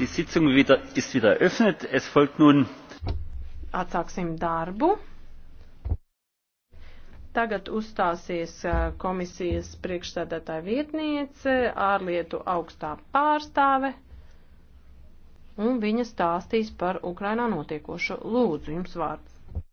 Die Sitzung wieder, ist wieder eröffnet. Es folgt nun. Atsāksim darbu. Tagad uzstāsies komisijas priekšsēdētāja vietniece, ārlietu augstā pārstāve, un viņa stāstīs par Ukrainā notiekošo. Lūdzu, jums vārds.